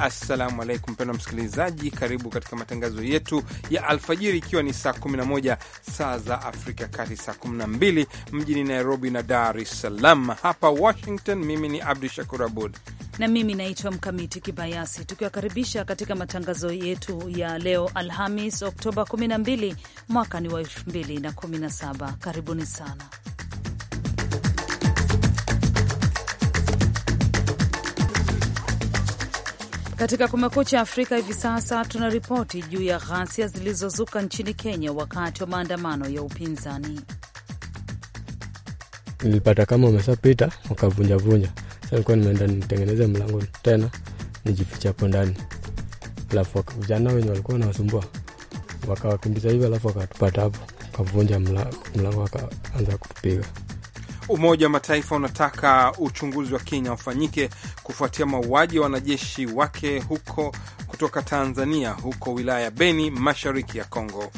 Assalamu alaikum, mpendwa msikilizaji, karibu katika matangazo yetu ya alfajiri, ikiwa ni saa 11 saa za Afrika Kati, saa 12 mjini Nairobi na Dar es Salaam. Hapa Washington, mimi ni Abdu Shakur Abud na mimi naitwa Mkamiti Kibayasi, tukiwakaribisha katika matangazo yetu ya leo Alhamis, Oktoba 12 mwaka ni wa 2017. Karibuni sana Katika Kumekucha Afrika hivi sasa tuna ripoti juu ya ghasia zilizozuka nchini Kenya wakati wa maandamano ya upinzani. Nilipata kama wameshapita wakavunjavunja. Sasa nimeenda nitengeneze mlango tena nijificha hapo ndani, alafu vijana wenye walikuwa wanawasumbua wakawakimbiza hivyo, alafu wakatupata hapo, wakavunja mlango, wakaanza kutupiga. Umoja wa Mataifa unataka uchunguzi wa Kenya ufanyike kufuatia mauaji ya wanajeshi wake huko kutoka Tanzania huko wilaya ya Beni mashariki ya Kongo.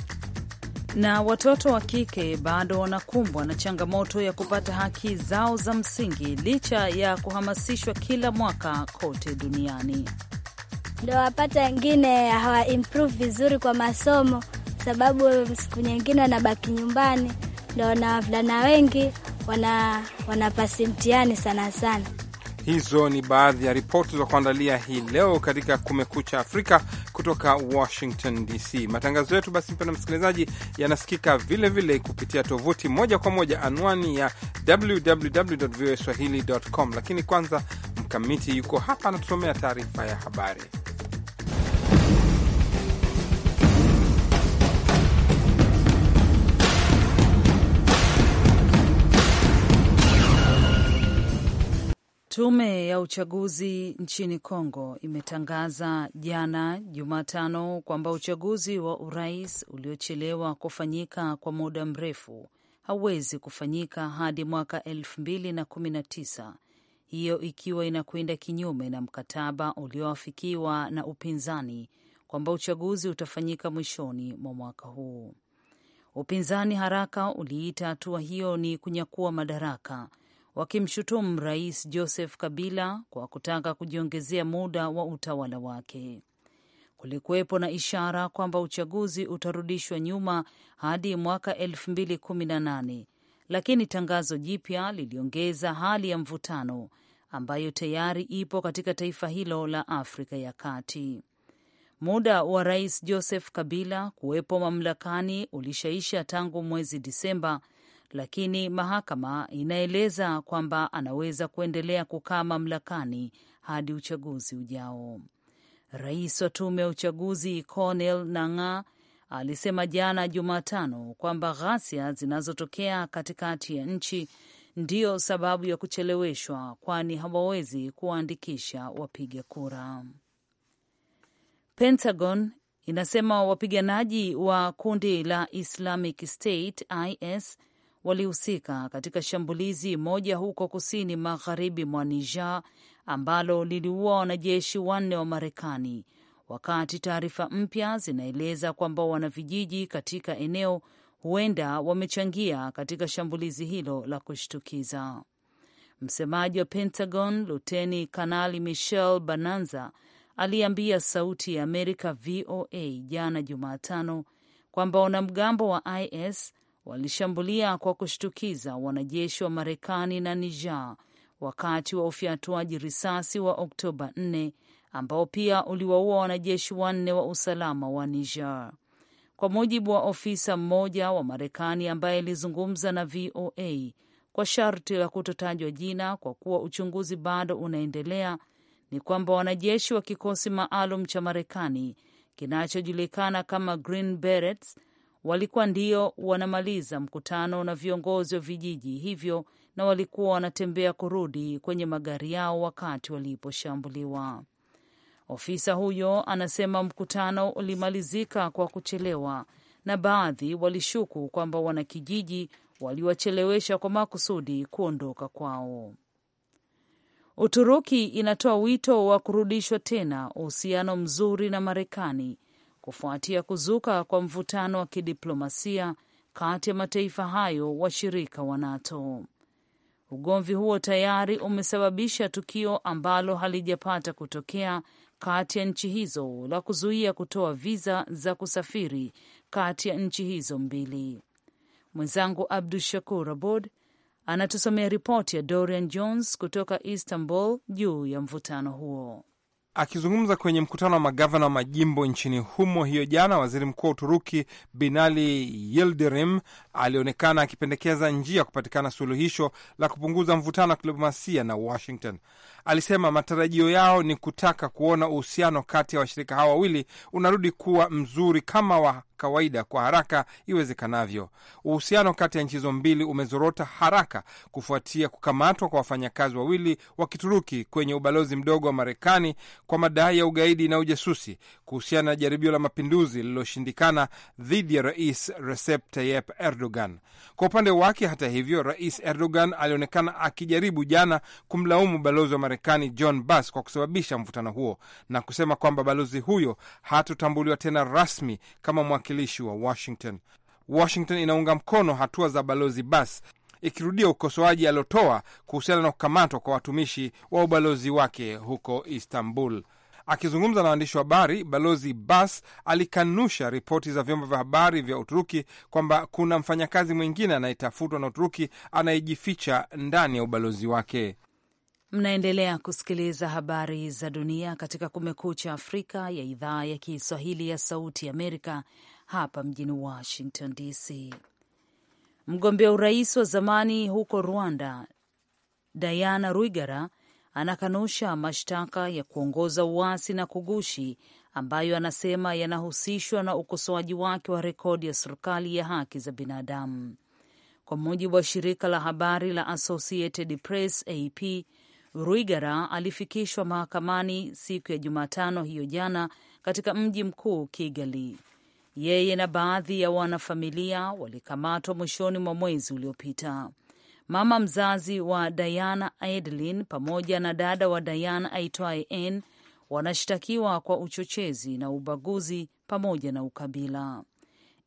Na watoto wa kike bado wanakumbwa na changamoto ya kupata haki zao za msingi licha ya kuhamasishwa kila mwaka kote duniani. ndo wapata wengine hawa improve vizuri kwa masomo, sababu siku nyingine wanabaki nyumbani, ndo na wavulana wengi wana wanapasi mtihani sana sana. Hizo ni baadhi ya ripoti za kuandalia hii leo katika Kumekucha Afrika kutoka Washington DC. Matangazo yetu basi, mpenda msikilizaji, yanasikika vilevile vile kupitia tovuti moja kwa moja, anwani ya www voa swahili com. Lakini kwanza Mkamiti yuko hapa anatusomea taarifa ya habari. Tume ya uchaguzi nchini Kongo imetangaza jana Jumatano kwamba uchaguzi wa urais uliochelewa kufanyika kwa muda mrefu hauwezi kufanyika hadi mwaka elfu na hiyo ikiwa inakwenda kinyume na mkataba ulioafikiwa na upinzani kwamba uchaguzi utafanyika mwishoni mwa mwaka huu. Upinzani haraka uliita hatua hiyo ni kunyakua madaraka wakimshutumu Rais Joseph Kabila kwa kutaka kujiongezea muda wa utawala wake. Kulikuwepo na ishara kwamba uchaguzi utarudishwa nyuma hadi mwaka 2018 lakini tangazo jipya liliongeza hali ya mvutano ambayo tayari ipo katika taifa hilo la Afrika ya Kati. Muda wa Rais Joseph Kabila kuwepo mamlakani ulishaisha tangu mwezi Disemba lakini mahakama inaeleza kwamba anaweza kuendelea kukaa mamlakani hadi uchaguzi ujao. Rais wa tume ya uchaguzi Cornel Nanga alisema jana Jumatano kwamba ghasia zinazotokea katikati ya nchi ndiyo sababu ya kucheleweshwa, kwani hawawezi kuwaandikisha wapiga kura. Pentagon inasema wapiganaji wa kundi la Islamic State IS walihusika katika shambulizi moja huko kusini magharibi mwa Niger ambalo liliua wanajeshi wanne wa Marekani, wakati taarifa mpya zinaeleza kwamba wanavijiji katika eneo huenda wamechangia katika shambulizi hilo la kushtukiza. Msemaji wa Pentagon Luteni Kanali michel Bananza aliambia Sauti ya Amerika VOA jana Jumatano kwamba wanamgambo wa IS walishambulia kwa kushtukiza wanajeshi wa Marekani na Niger wakati wa ufyatuaji risasi wa Oktoba 4 ambao pia uliwaua wanajeshi wanne wa usalama wa Niger. Kwa mujibu wa ofisa mmoja wa Marekani ambaye alizungumza na VOA kwa sharti la kutotajwa jina kwa kuwa uchunguzi bado unaendelea, ni kwamba wanajeshi wa kikosi maalum cha Marekani kinachojulikana kama Green Berets walikuwa ndio wanamaliza mkutano na viongozi wa vijiji hivyo na walikuwa wanatembea kurudi kwenye magari yao wakati waliposhambuliwa. Ofisa huyo anasema mkutano ulimalizika kwa kuchelewa na baadhi walishuku kwamba wanakijiji waliwachelewesha kwa makusudi kuondoka kwao. Uturuki inatoa wito wa kurudishwa tena uhusiano mzuri na Marekani kufuatia kuzuka kwa mvutano wa kidiplomasia kati ya mataifa hayo washirika wa NATO. Ugomvi huo tayari umesababisha tukio ambalo halijapata kutokea kati ya nchi hizo la kuzuia kutoa viza za kusafiri kati ya nchi hizo mbili. Mwenzangu Abdu Shakur Abod anatusomea ripoti ya Dorian Jones kutoka Istanbul juu ya mvutano huo. Akizungumza kwenye mkutano wa magavana wa majimbo nchini humo hiyo jana, waziri mkuu wa Uturuki Binali Yildirim alionekana akipendekeza njia ya kupatikana suluhisho la kupunguza mvutano wa kidiplomasia na Washington alisema matarajio yao ni kutaka kuona uhusiano kati ya washirika hao wawili unarudi kuwa mzuri kama wa kawaida kwa haraka iwezekanavyo. Uhusiano kati ya nchi hizo mbili umezorota haraka kufuatia kukamatwa kwa wafanyakazi wawili wa Kituruki kwenye ubalozi mdogo wa Marekani kwa madai ya ugaidi na ujasusi kuhusiana na jaribio la mapinduzi lililoshindikana dhidi ya Rais Recep Tayyip Erdogan. Kwa upande wake, hata hivyo, Rais Erdogan alionekana akijaribu jana kumlaumu balozi wa Marekani Marekani John Bass kwa kusababisha mvutano huo na kusema kwamba balozi huyo hatutambuliwa tena rasmi kama mwakilishi wa Washington. Washington inaunga mkono hatua za balozi Bass ikirudia ukosoaji aliotoa kuhusiana na kukamatwa kwa watumishi wa ubalozi wake huko Istanbul. Akizungumza na waandishi wa habari, balozi Bas alikanusha ripoti za vyombo vya habari vya Uturuki kwamba kuna mfanyakazi mwingine anayetafutwa na Uturuki anayejificha ndani ya ubalozi wake. Mnaendelea kusikiliza habari za dunia katika Kumekucha Afrika ya idhaa ya Kiswahili ya Sauti Amerika, hapa mjini Washington DC. Mgombea urais wa zamani huko Rwanda Diana Rwigara anakanusha mashtaka ya kuongoza uasi na kugushi ambayo anasema yanahusishwa na ukosoaji wake wa rekodi ya serikali ya haki za binadamu. Kwa mujibu wa shirika la habari la Associated Press AP, Ruigara alifikishwa mahakamani siku ya Jumatano hiyo jana katika mji mkuu Kigali. Yeye na baadhi ya wanafamilia walikamatwa mwishoni mwa mwezi uliopita. Mama mzazi wa Diana edlin pamoja na dada wa Diana aitwaye N wanashtakiwa kwa uchochezi na ubaguzi pamoja na ukabila.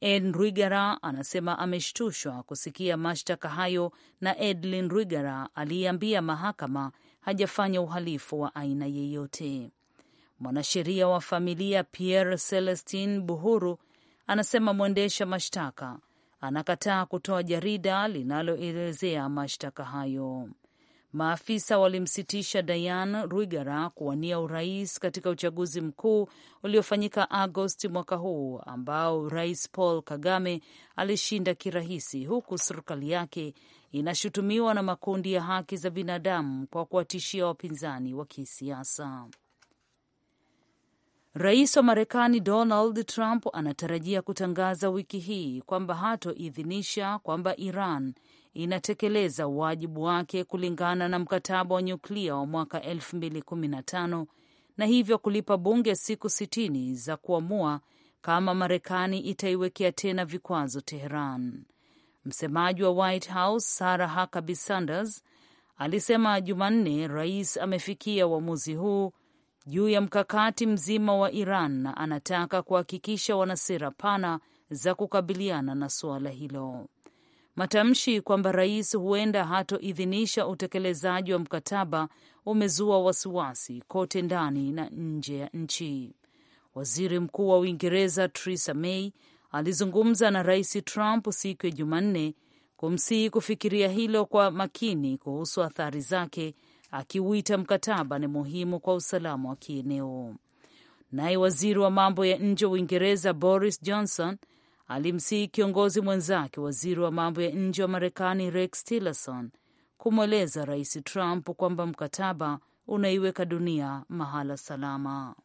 N Rwigara anasema ameshtushwa kusikia mashtaka hayo, na Edlin Rwigara aliyeambia mahakama hajafanya uhalifu wa aina yeyote. Mwanasheria wa familia Pierre Celestin Buhuru anasema mwendesha mashtaka anakataa kutoa jarida linaloelezea mashtaka hayo. Maafisa walimsitisha Dayan Rwigara kuwania urais katika uchaguzi mkuu uliofanyika Agosti mwaka huu ambao Rais Paul Kagame alishinda kirahisi, huku serikali yake inashutumiwa na makundi ya haki za binadamu kwa kuwatishia wapinzani wa kisiasa. Rais wa Marekani Donald Trump anatarajia kutangaza wiki hii kwamba hatoidhinisha kwamba Iran inatekeleza wajibu wake kulingana na mkataba wa nyuklia wa mwaka 2015 na hivyo kulipa bunge siku 60 za kuamua kama Marekani itaiwekea tena vikwazo Teheran. Msemaji wa White House Sarah Huckabee Sanders alisema Jumanne rais amefikia uamuzi huu juu ya mkakati mzima wa Iran na anataka kuhakikisha wana sera pana za kukabiliana na suala hilo. Matamshi kwamba rais huenda hatoidhinisha utekelezaji wa mkataba umezua wasiwasi kote ndani na nje ya nchi. Waziri Mkuu wa Uingereza Theresa May alizungumza na Rais Trump siku ya Jumanne kumsihi kufikiria hilo kwa makini kuhusu athari zake, akiuita mkataba ni muhimu kwa usalama wa kieneo. Naye waziri wa mambo ya nje wa Uingereza Boris Johnson alimsihi kiongozi mwenzake waziri wa mambo ya nje wa Marekani Rex Tillerson kumweleza Rais Trump kwamba mkataba unaiweka dunia mahala salama.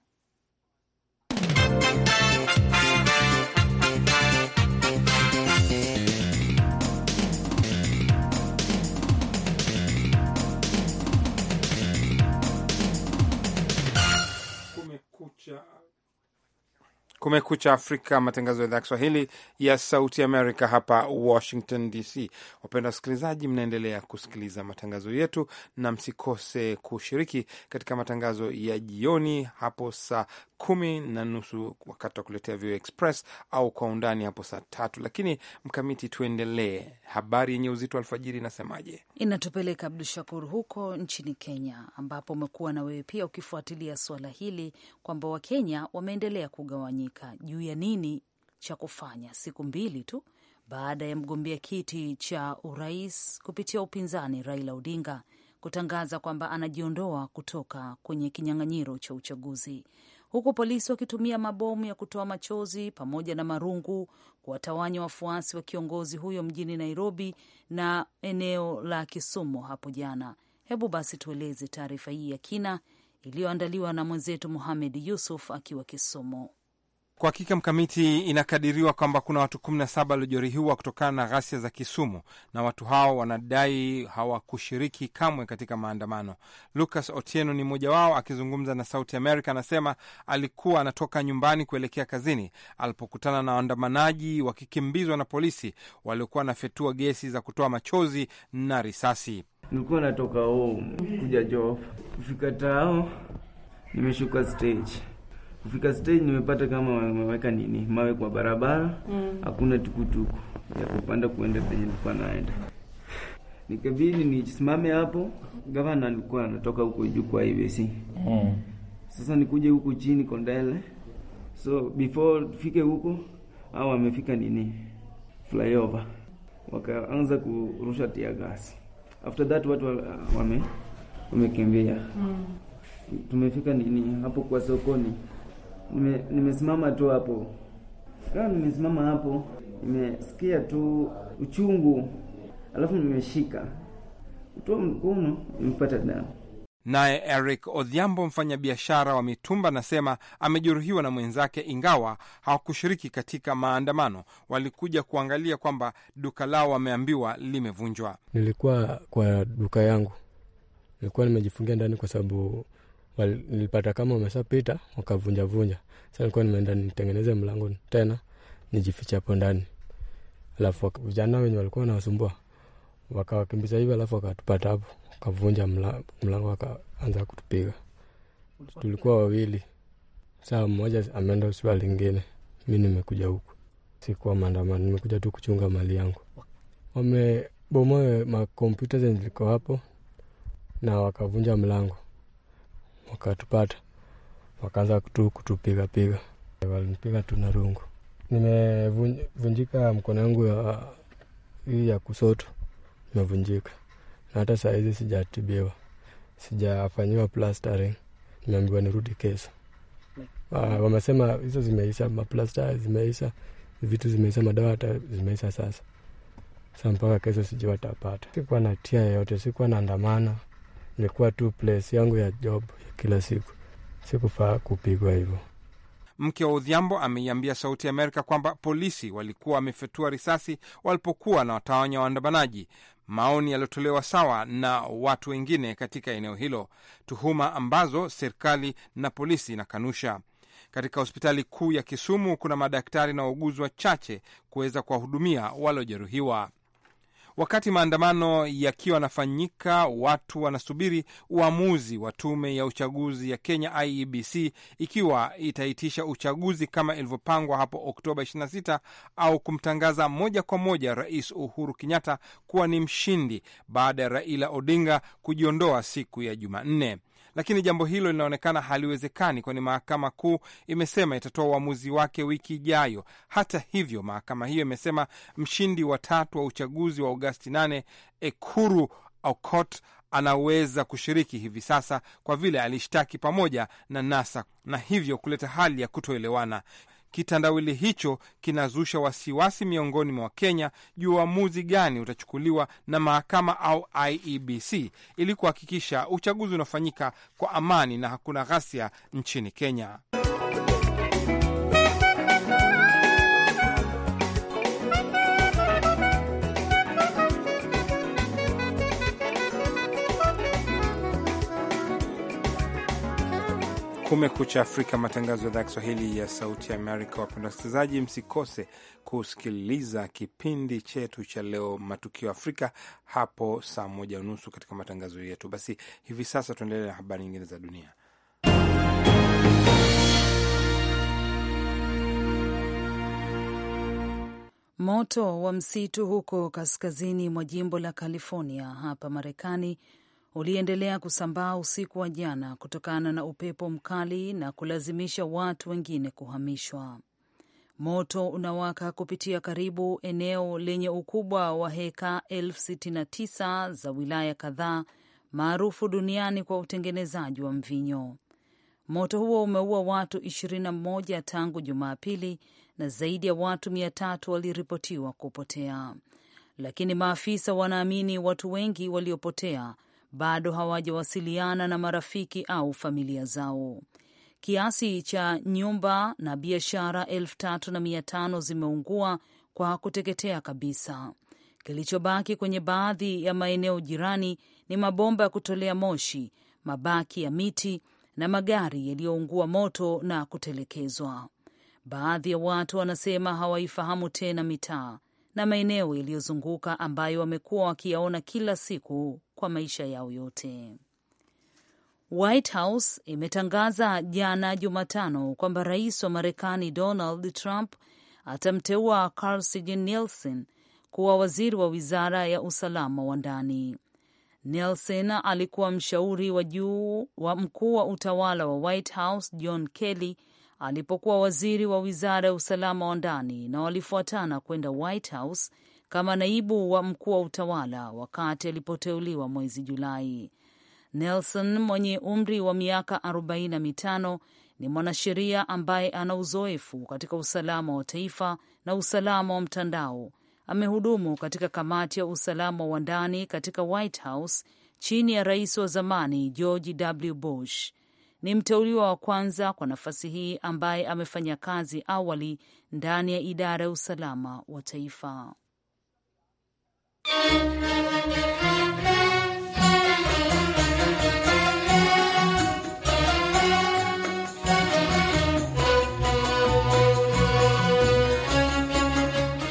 Kumekucha Afrika, matangazo ya idhaa ya Kiswahili ya Sauti Amerika hapa Washington DC. Wapenda wasikilizaji, mnaendelea kusikiliza matangazo yetu na msikose kushiriki katika matangazo ya jioni hapo saa kumi na nusu wakati wa kuletea VOA Express au kwa undani hapo saa tatu. Lakini Mkamiti, tuendelee. Habari yenye uzito alfajiri inasemaje? Inatupeleka Abdu Shakur huko nchini Kenya, ambapo umekuwa na wewe pia ukifuatilia suala hili kwamba Wakenya wameendelea kugawanyika juu ya nini cha kufanya, siku mbili tu baada ya mgombea kiti cha urais kupitia upinzani Raila Odinga kutangaza kwamba anajiondoa kutoka kwenye kinyang'anyiro cha uchaguzi huku polisi wakitumia mabomu ya kutoa machozi pamoja na marungu kuwatawanya wafuasi wa kiongozi huyo mjini Nairobi na eneo la Kisumu hapo jana. Hebu basi tueleze taarifa hii ya kina iliyoandaliwa na mwenzetu Muhamed Yusuf akiwa Kisumu. Kwa hakika mkamiti, inakadiriwa kwamba kuna watu kumi na saba waliojeruhiwa kutokana na ghasia za Kisumu, na watu hao wanadai hawakushiriki kamwe katika maandamano. Lucas Otieno ni mmoja wao, akizungumza na Sauti America, anasema alikuwa anatoka nyumbani kuelekea kazini alipokutana na waandamanaji wakikimbizwa na polisi waliokuwa wanafyatua gesi za kutoa machozi na risasi. Nilikuwa natoka home kuja job, kufika tao nimeshuka stage Kufika stage nimepata kama wameweka nini mawe kwa barabara, mm. hakuna mm. tukutuku ya kupanda kuenda penye nilikuwa naenda, nikabidi nisimame hapo. Gavana alikuwa anatoka huko juu kwa IBC mm. Sasa nikuje huku chini Kondele, so before tufike huko au wamefika nini flyover, wakaanza kurusha tia gasi After that watu wame wamekimbia mm. tumefika nini hapo kwa sokoni nime, nimesimama tu hapo kama nimesimama hapo, nimesikia tu uchungu, alafu nimeshika kutoa mkono, nimepata damu. Naye Eric Odhiambo, mfanyabiashara wa mitumba, anasema amejeruhiwa na mwenzake, ingawa hawakushiriki katika maandamano. Walikuja kuangalia kwamba duka lao wameambiwa limevunjwa. Nilikuwa kwa duka yangu, nilikuwa nimejifungia ndani kwa sababu nilipata kama wameshapita wakavunjavunja. Sasa nilikuwa nimeenda nitengeneze mlango tena nijifiche hapo ndani, alafu vijana wenye walikuwa wanawasumbua wakawakimbiza hivyo, alafu wakatupata hapo, wakavunja mlango, wakaanza kutupiga. Tulikuwa wawili, saa mmoja ameenda usua lingine, mi nimekuja huku. Sikuwa maandamano, nimekuja tu kuchunga mali yangu. Wamebomoa makompyuta zenye ziko hapo na wakavunja mlango wakatupata, wakaanza tu kutupigapiga, walinipiga tu na rungu. Nimevunjika mkono yangu ya, hii ya kusoto imevunjika, na hata sahizi sijatibiwa, sijafanyiwa plastering, nimeambiwa nirudi Kesa. Mm. Uh, wamesema hizo zimeisha, maplasta zimeisha, vitu zimeisha, madawa hata zimeisha. Sasa sa mpaka Kesa sijiwatapata Sikuwa na tia yeyote sikuwa na andamana Ilikuwa tu place yangu ya job ya kila siku, sikufaa kupigwa hivyo. Mke wa Odhiambo ameiambia Sauti Amerika kwamba polisi walikuwa wamefyatua risasi walipokuwa na watawanya waandamanaji, maoni yaliyotolewa sawa na watu wengine katika eneo hilo, tuhuma ambazo serikali na polisi inakanusha. Katika hospitali kuu ya Kisumu kuna madaktari na wauguzi wachache kuweza kuwahudumia waliojeruhiwa. Wakati maandamano yakiwa yanafanyika, watu wanasubiri uamuzi wa tume ya uchaguzi ya Kenya IEBC ikiwa itaitisha uchaguzi kama ilivyopangwa hapo Oktoba 26 au kumtangaza moja kwa moja Rais Uhuru Kenyatta kuwa ni mshindi baada ya Raila Odinga kujiondoa siku ya Jumanne lakini jambo hilo linaonekana haliwezekani, kwani mahakama kuu imesema itatoa uamuzi wake wiki ijayo. Hata hivyo, mahakama hiyo imesema mshindi wa tatu wa uchaguzi wa Agosti 8 Ekuru Aukot anaweza kushiriki hivi sasa kwa vile alishtaki pamoja na NASA na hivyo kuleta hali ya kutoelewana. Kitandawili hicho kinazusha wasiwasi miongoni mwa Wakenya juu uamuzi gani utachukuliwa na mahakama au IEBC ili kuhakikisha uchaguzi unafanyika kwa amani na hakuna ghasia nchini Kenya. Kumekucha Afrika, matangazo ya idhaa ya Kiswahili ya Sauti ya Amerika. Wapenda wasikilizaji, msikose kusikiliza kipindi chetu cha leo, Matukio Afrika, hapo saa moja unusu katika matangazo yetu. Basi hivi sasa tuendelee na habari nyingine za dunia. Moto wa msitu huko kaskazini mwa jimbo la California hapa Marekani uliendelea kusambaa usiku wa jana kutokana na upepo mkali na kulazimisha watu wengine kuhamishwa. Moto unawaka kupitia karibu eneo lenye ukubwa wa heka 69 za wilaya kadhaa maarufu duniani kwa utengenezaji wa mvinyo. Moto huo umeua watu 21 tangu Jumapili na zaidi ya watu 300 waliripotiwa kupotea, lakini maafisa wanaamini watu wengi waliopotea bado hawajawasiliana na marafiki au familia zao. Kiasi cha nyumba na biashara elfu tatu na mia tano zimeungua kwa kuteketea kabisa. Kilichobaki kwenye baadhi ya maeneo jirani ni mabomba ya kutolea moshi, mabaki ya miti na magari yaliyoungua moto na kutelekezwa. Baadhi ya watu wanasema hawaifahamu tena mitaa, na maeneo yaliyozunguka ambayo wamekuwa wakiyaona kila siku kwa maisha yao yote. White House imetangaza jana Jumatano kwamba rais wa Marekani Donald Trump atamteua Carl Sigin Nielsen kuwa waziri wa wizara ya usalama wa ndani. Nielsen alikuwa mshauri wa juu wa mkuu wa utawala wa White House John Kelly alipokuwa waziri wa wizara ya usalama wa ndani na walifuatana kwenda White House kama naibu wa mkuu wa utawala wakati alipoteuliwa mwezi Julai. Nelson mwenye umri wa miaka 45 ni mwanasheria ambaye ana uzoefu katika usalama wa taifa na usalama wa mtandao. Amehudumu katika kamati ya usalama wa ndani katika White House chini ya rais wa zamani George W. Bush ni mteuliwa wa kwanza kwa nafasi hii ambaye amefanya kazi awali ndani ya idara ya usalama wa taifa.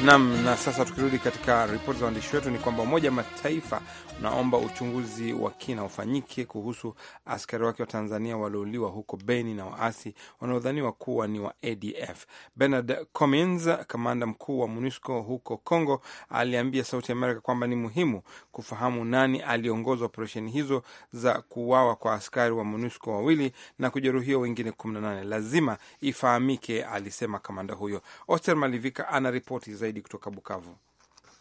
Nam. Na sasa tukirudi katika ripoti za waandishi wetu, ni kwamba Umoja wa Mataifa unaomba uchunguzi wa kina ufanyike kuhusu askari wake wa Tanzania waliouliwa huko Beni na waasi wanaodhaniwa kuwa ni wa ADF. Bernard Comins, kamanda mkuu wa MONUSCO huko Congo, aliambia Sauti Amerika kwamba ni muhimu kufahamu nani aliongoza operesheni hizo za kuuawa kwa askari wa MONUSCO wawili na kujeruhiwa wengine 18. Lazima ifahamike, alisema kamanda huyo. Oster Malivika ana ripoti zaidi zaidi kutoka Bukavu.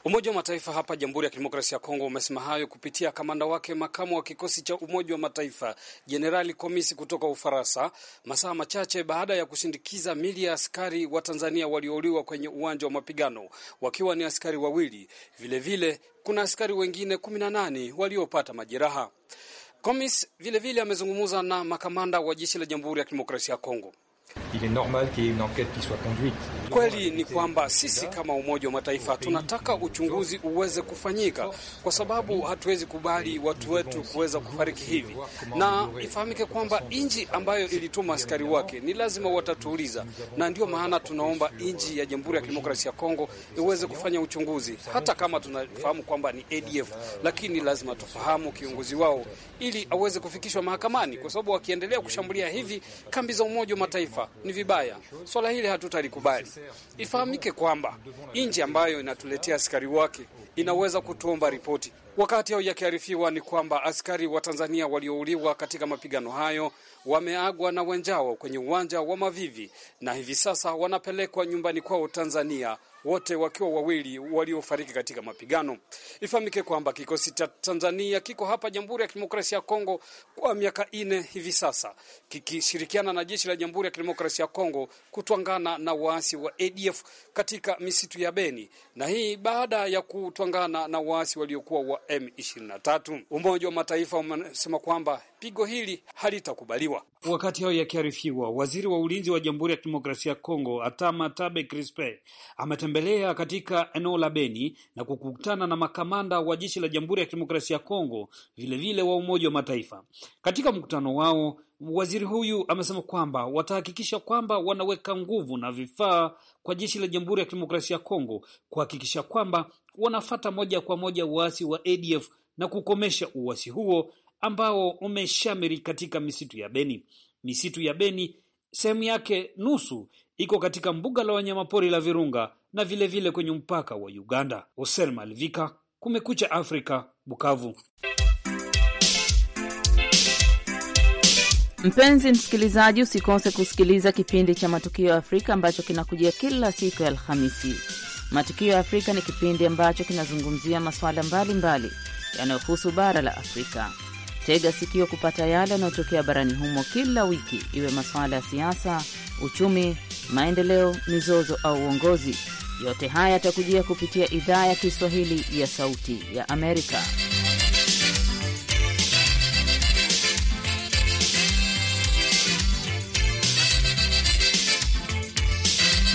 Umoja wa Mataifa hapa Jamhuri ya Kidemokrasia ya Kongo umesema hayo kupitia kamanda wake makamu wa kikosi cha Umoja wa Mataifa Jenerali Komisi kutoka Ufaransa, masaa machache baada ya kusindikiza mili ya askari wa Tanzania waliouliwa kwenye uwanja wa mapigano wakiwa ni askari wawili. Vilevile vile, kuna askari wengine kumi na nane waliopata majeraha. Komis vilevile amezungumza na makamanda wa jeshi la Jamhuri ya Kidemokrasia ya Kongo il est normal qu'il y ait une enquête qui soit conduite. Kweli ni kwamba sisi kama Umoja wa Mataifa tunataka uchunguzi uweze kufanyika, kwa sababu hatuwezi kubali watu wetu kuweza kufariki hivi, na ifahamike kwamba nchi ambayo ilituma askari wake ni lazima watatuuliza, na ndio maana tunaomba nchi ya Jamhuri ya Kidemokrasia ya Kongo iweze kufanya uchunguzi, hata kama tunafahamu kwamba ni ADF, lakini lazima tufahamu kiongozi wao ili aweze kufikishwa mahakamani, kwa sababu wakiendelea kushambulia hivi kambi za Umoja wa Mataifa ni vibaya. Swala hili hatutalikubali. Ifahamike kwamba nchi ambayo inatuletea askari wake inaweza kutuomba ripoti. Wakati hao yakiarifiwa, ni kwamba askari wa Tanzania waliouliwa katika mapigano hayo wameagwa na wenjao kwenye uwanja wa Mavivi na hivi sasa wanapelekwa nyumbani kwao Tanzania wote wakiwa wawili waliofariki katika mapigano. Ifahamike kwamba kikosi cha Tanzania kiko hapa Jamhuri ya Kidemokrasia ya Kongo kwa miaka nne hivi sasa kikishirikiana na jeshi la Jamhuri ya Kidemokrasia ya Kongo kutwangana na waasi wa ADF katika misitu ya Beni, na hii baada ya kutwangana na waasi waliokuwa wa M23. Umoja wa Mataifa umesema kwamba pigo hili halitakubaliwa. Wakati hayo yakiarifiwa, waziri wa ulinzi wa Jamhuri ya Kidemokrasia ya Kongo Atama Tabe Crispe ametembelea katika eneo la Beni na kukutana na makamanda wa jeshi la Jamhuri ya Kidemokrasia ya Kongo, vilevile wa Umoja wa Mataifa. Katika mkutano wao, waziri huyu amesema kwamba watahakikisha kwamba wanaweka nguvu na vifaa kwa jeshi la Jamhuri ya Kidemokrasia ya Kongo kuhakikisha kwamba wanafata moja kwa moja uasi wa ADF na kukomesha uasi huo ambao umeshamiri katika misitu ya Beni. Misitu ya Beni sehemu yake nusu iko katika mbuga la wanyamapori la Virunga na vilevile vile kwenye mpaka wa Uganda. Oser Malvika, Kumekucha Afrika, Bukavu. Mpenzi msikilizaji, usikose kusikiliza kipindi cha Matukio ya Afrika ambacho kinakujia kila siku ya Alhamisi. Matukio ya Afrika ni kipindi ambacho kinazungumzia masuala mbalimbali yanayohusu bara la Afrika. Tega sikio kupata yale yanayotokea barani humo kila wiki, iwe masuala ya siasa, uchumi, maendeleo, mizozo au uongozi. Yote haya yatakujia kupitia idhaa ya Kiswahili ya Sauti ya Amerika.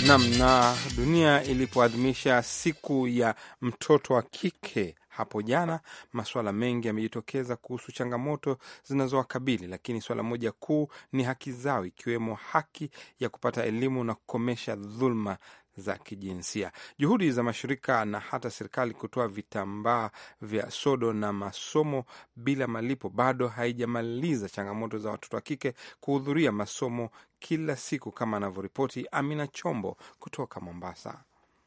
Nam na dunia ilipoadhimisha siku ya mtoto wa kike hapo jana, masuala mengi yamejitokeza kuhusu changamoto zinazowakabili, lakini suala moja kuu ni haki zao, ikiwemo haki ya kupata elimu na kukomesha dhuluma za kijinsia. Juhudi za mashirika na hata serikali kutoa vitambaa vya sodo na masomo bila malipo bado haijamaliza changamoto za watoto wa kike kuhudhuria masomo kila siku, kama anavyoripoti Amina Chombo kutoka Mombasa.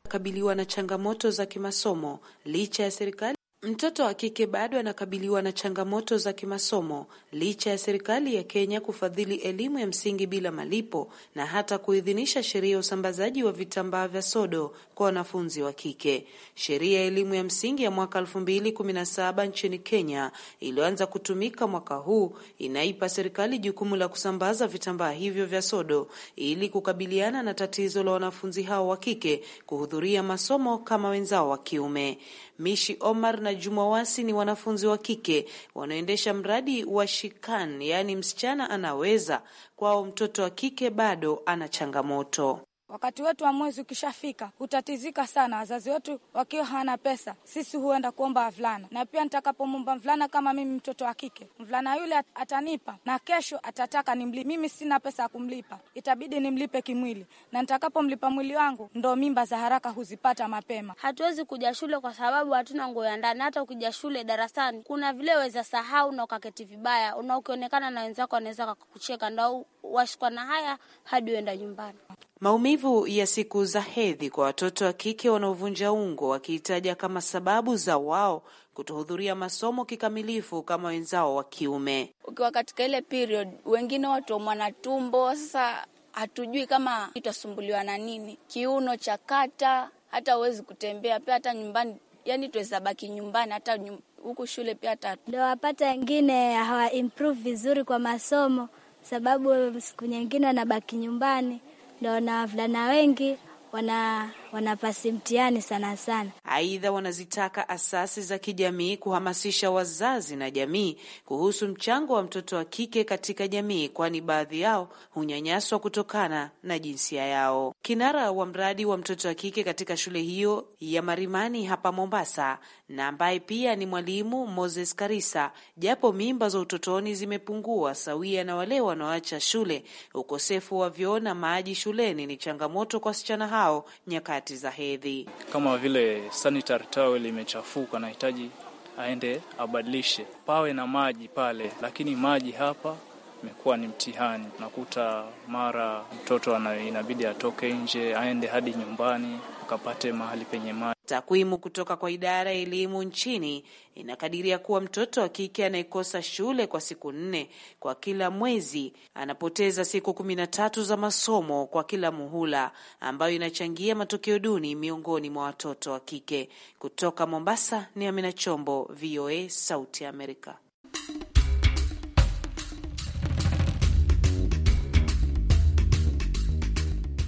Kabiliwa na changamoto za kimasomo licha ya serikali Mtoto wa kike bado anakabiliwa na changamoto za kimasomo licha ya serikali ya Kenya kufadhili elimu ya msingi bila malipo na hata kuidhinisha sheria ya usambazaji wa vitambaa vya sodo kwa wanafunzi wa kike. Sheria ya elimu ya msingi ya mwaka 2017 nchini Kenya iliyoanza kutumika mwaka huu inaipa serikali jukumu la kusambaza vitambaa hivyo vya sodo ili kukabiliana na tatizo la wanafunzi hao wa kike kuhudhuria masomo kama wenzao wa kiume. Mishi Omar na na Juma Wasi ni wanafunzi wa kike wanaoendesha mradi wa shikan yaani msichana anaweza. Kwao mtoto wa kike bado ana changamoto. Wakati wetu wa mwezi ukishafika, hutatizika sana. Wazazi wetu wakiwa hawana pesa, sisi huenda kuomba wavulana, na pia nitakapomwomba mvulana, kama mimi mtoto wa kike, mvulana yule atanipa, na kesho atataka nimlipe. Mimi sina pesa ya kumlipa, itabidi nimlipe kimwili, na nitakapomlipa mwili wangu, ndo mimba za haraka huzipata mapema. Hatuwezi kuja shule kwa sababu hatuna nguo ya ndani. Hata ukija shule darasani, kuna vile weza sahau na ukaketi vibaya, una ukionekana na wenzako wanaweza kakucheka, ndo washikwa na haya hadi uenda nyumbani. Maumivu ya siku za hedhi kwa watoto wa kike wanaovunja ungo, wakiitaja kama sababu za wao kutohudhuria masomo kikamilifu kama wenzao wa kiume. Ukiwa katika ile period, wengine wataumwa na tumbo. Sasa hatujui kama itasumbuliwa na nini, kiuno cha kata, hata huwezi kutembea pia, hata nyumbani, yani tuweza baki nyumbani hata nyum, huku shule pia tatu ndo wapata. Wengine hawa improve vizuri kwa masomo, sababu siku nyingine wanabaki nyumbani ndio wana wavulana wengi wana wanapasi mtihani sana sana. Aidha, wanazitaka asasi za kijamii kuhamasisha wazazi na jamii kuhusu mchango wa mtoto wa kike katika jamii, kwani baadhi yao hunyanyaswa kutokana na jinsia yao. Kinara wa mradi wa mtoto wa kike katika shule hiyo ya Marimani hapa Mombasa na ambaye pia ni mwalimu Moses Karisa, japo mimba za utotoni zimepungua sawia na wale wanaoacha shule, ukosefu wa vyoo na maji shuleni ni changamoto kwa wasichana hao nyakati nyakati za hedhi. Kama vile sanitary towel imechafuka, nahitaji aende abadilishe, pawe na maji pale, lakini maji hapa imekuwa ni mtihani. Unakuta mara mtoto inabidi atoke nje aende hadi nyumbani wakapate mahali penye maji. Takwimu kutoka kwa idara ya elimu nchini inakadiria kuwa mtoto wa kike anayekosa shule kwa siku nne kwa kila mwezi anapoteza siku kumi na tatu za masomo kwa kila muhula, ambayo inachangia matokeo duni miongoni mwa watoto wa kike. Kutoka Mombasa ni Amina Chombo, VOA, Sauti ya Amerika.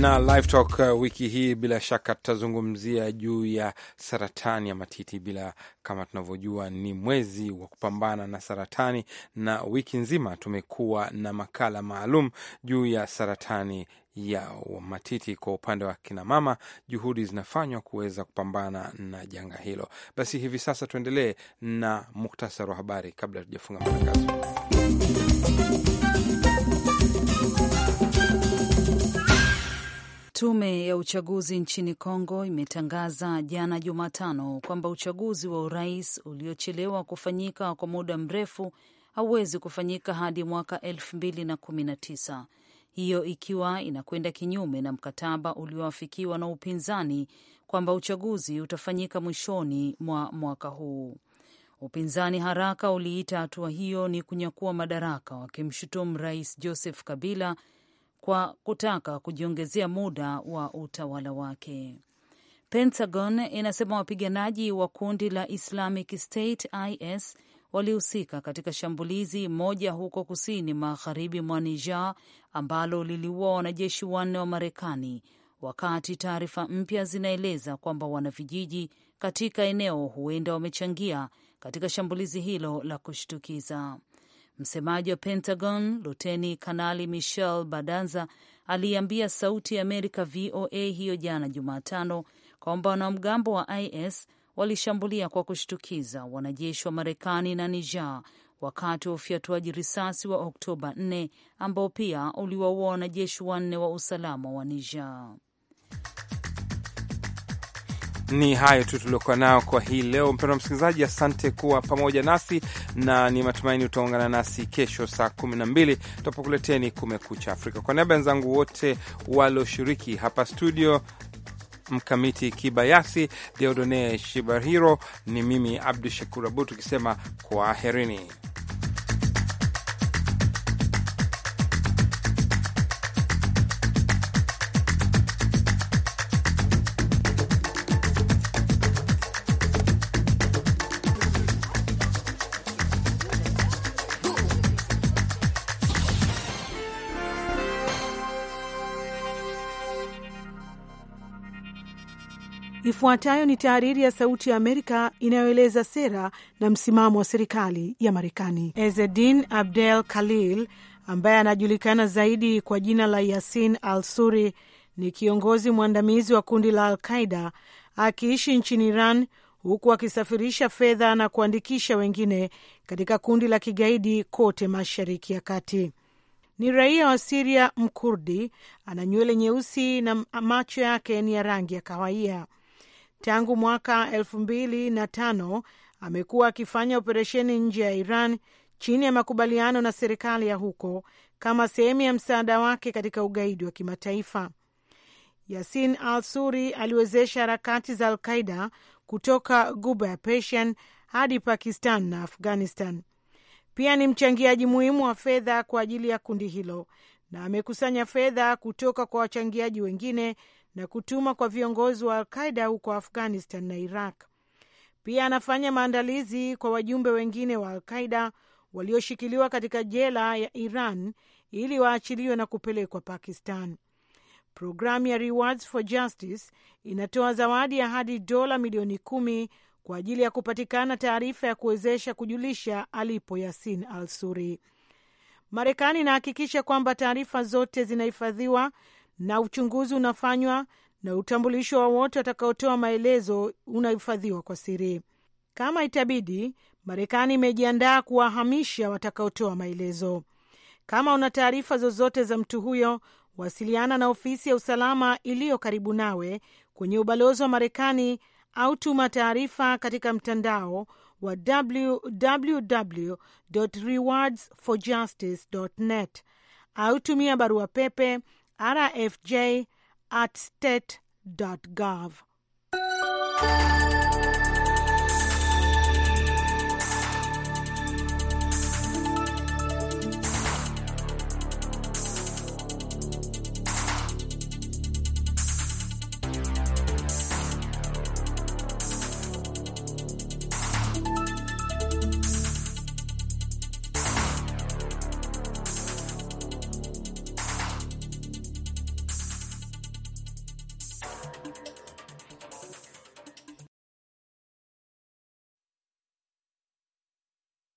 na live talk uh, wiki hii bila shaka tutazungumzia juu ya saratani ya matiti. Bila kama tunavyojua, ni mwezi wa kupambana na saratani, na wiki nzima tumekuwa na makala maalum juu ya saratani ya matiti. Kwa upande wa kinamama, juhudi zinafanywa kuweza kupambana na janga hilo. Basi hivi sasa tuendelee na muktasari wa habari kabla tujafunga matangazo. Tume ya uchaguzi nchini Kongo imetangaza jana Jumatano kwamba uchaguzi wa urais uliochelewa kufanyika kwa muda mrefu hauwezi kufanyika hadi mwaka elfu mbili na kumi na tisa, hiyo ikiwa inakwenda kinyume na mkataba ulioafikiwa na upinzani kwamba uchaguzi utafanyika mwishoni mwa mwaka huu. Upinzani haraka uliita hatua hiyo ni kunyakua madaraka, wakimshutumu Rais Joseph Kabila kwa kutaka kujiongezea muda wa utawala wake. Pentagon inasema wapiganaji wa kundi la Islamic State IS walihusika katika shambulizi moja huko kusini magharibi mwa Niger ambalo liliua wanajeshi wanne wa Marekani, wakati taarifa mpya zinaeleza kwamba wanavijiji katika eneo huenda wamechangia katika shambulizi hilo la kushtukiza. Msemaji wa Pentagon Luteni Kanali michel Badanza aliambia Sauti ya Amerika VOA hiyo jana Jumatano kwamba wanamgambo wa IS walishambulia kwa kushtukiza wanajeshi wa Marekani na Niger wakati wa ufyatuaji risasi wa Oktoba 4 ambao pia uliwaua wanajeshi wanne wa usalama wa Niger. Ni hayo tu tuliokuwa nao kwa hii leo. Mpendwa msikilizaji, asante kuwa pamoja nasi na ni matumaini utaungana nasi kesho saa kumi na mbili tapokuleteni Kumekucha Afrika. Kwa niaba ya wenzangu wote walioshiriki hapa studio Mkamiti Kibayasi, Deodone Shibahiro, ni mimi Abdu Shakur Abud tukisema kwaherini. Ifuatayo ni tahariri ya Sauti ya Amerika inayoeleza sera na msimamo wa serikali ya Marekani. Ezedin Abdel Khalil ambaye anajulikana zaidi kwa jina la Yasin al Suri ni kiongozi mwandamizi wa kundi la Alqaida akiishi nchini Iran huku akisafirisha fedha na kuandikisha wengine katika kundi la kigaidi kote Mashariki ya Kati. Ni raia wa Siria Mkurdi, ana nywele nyeusi na macho yake ni ya rangi ya kahawia. Tangu mwaka elfu mbili na tano amekuwa akifanya operesheni nje ya Iran chini ya makubaliano na serikali ya huko kama sehemu ya msaada wake katika ugaidi wa kimataifa. Yasin al Suri aliwezesha harakati za Alqaida kutoka guba ya Persian hadi Pakistan na Afghanistan. Pia ni mchangiaji muhimu wa fedha kwa ajili ya kundi hilo na amekusanya fedha kutoka kwa wachangiaji wengine na kutuma kwa viongozi wa Alqaida huko Afghanistan na Iraq. Pia anafanya maandalizi kwa wajumbe wengine wa Alqaida walioshikiliwa katika jela ya Iran ili waachiliwe na kupelekwa Pakistan. Programu ya Rewards for Justice inatoa zawadi ya hadi dola milioni kumi kwa ajili ya kupatikana taarifa ya kuwezesha kujulisha alipo Yasin al Suri. Marekani inahakikisha kwamba taarifa zote zinahifadhiwa na uchunguzi unafanywa na utambulisho wa wote watakaotoa maelezo unahifadhiwa kwa siri. Kama itabidi, Marekani imejiandaa kuwahamisha watakaotoa maelezo. Kama una taarifa zozote za mtu huyo, wasiliana na ofisi ya usalama iliyo karibu nawe kwenye ubalozi wa Marekani au tuma taarifa katika mtandao wa www.rewardsforjustice.net au tumia barua pepe rfj at state.gov.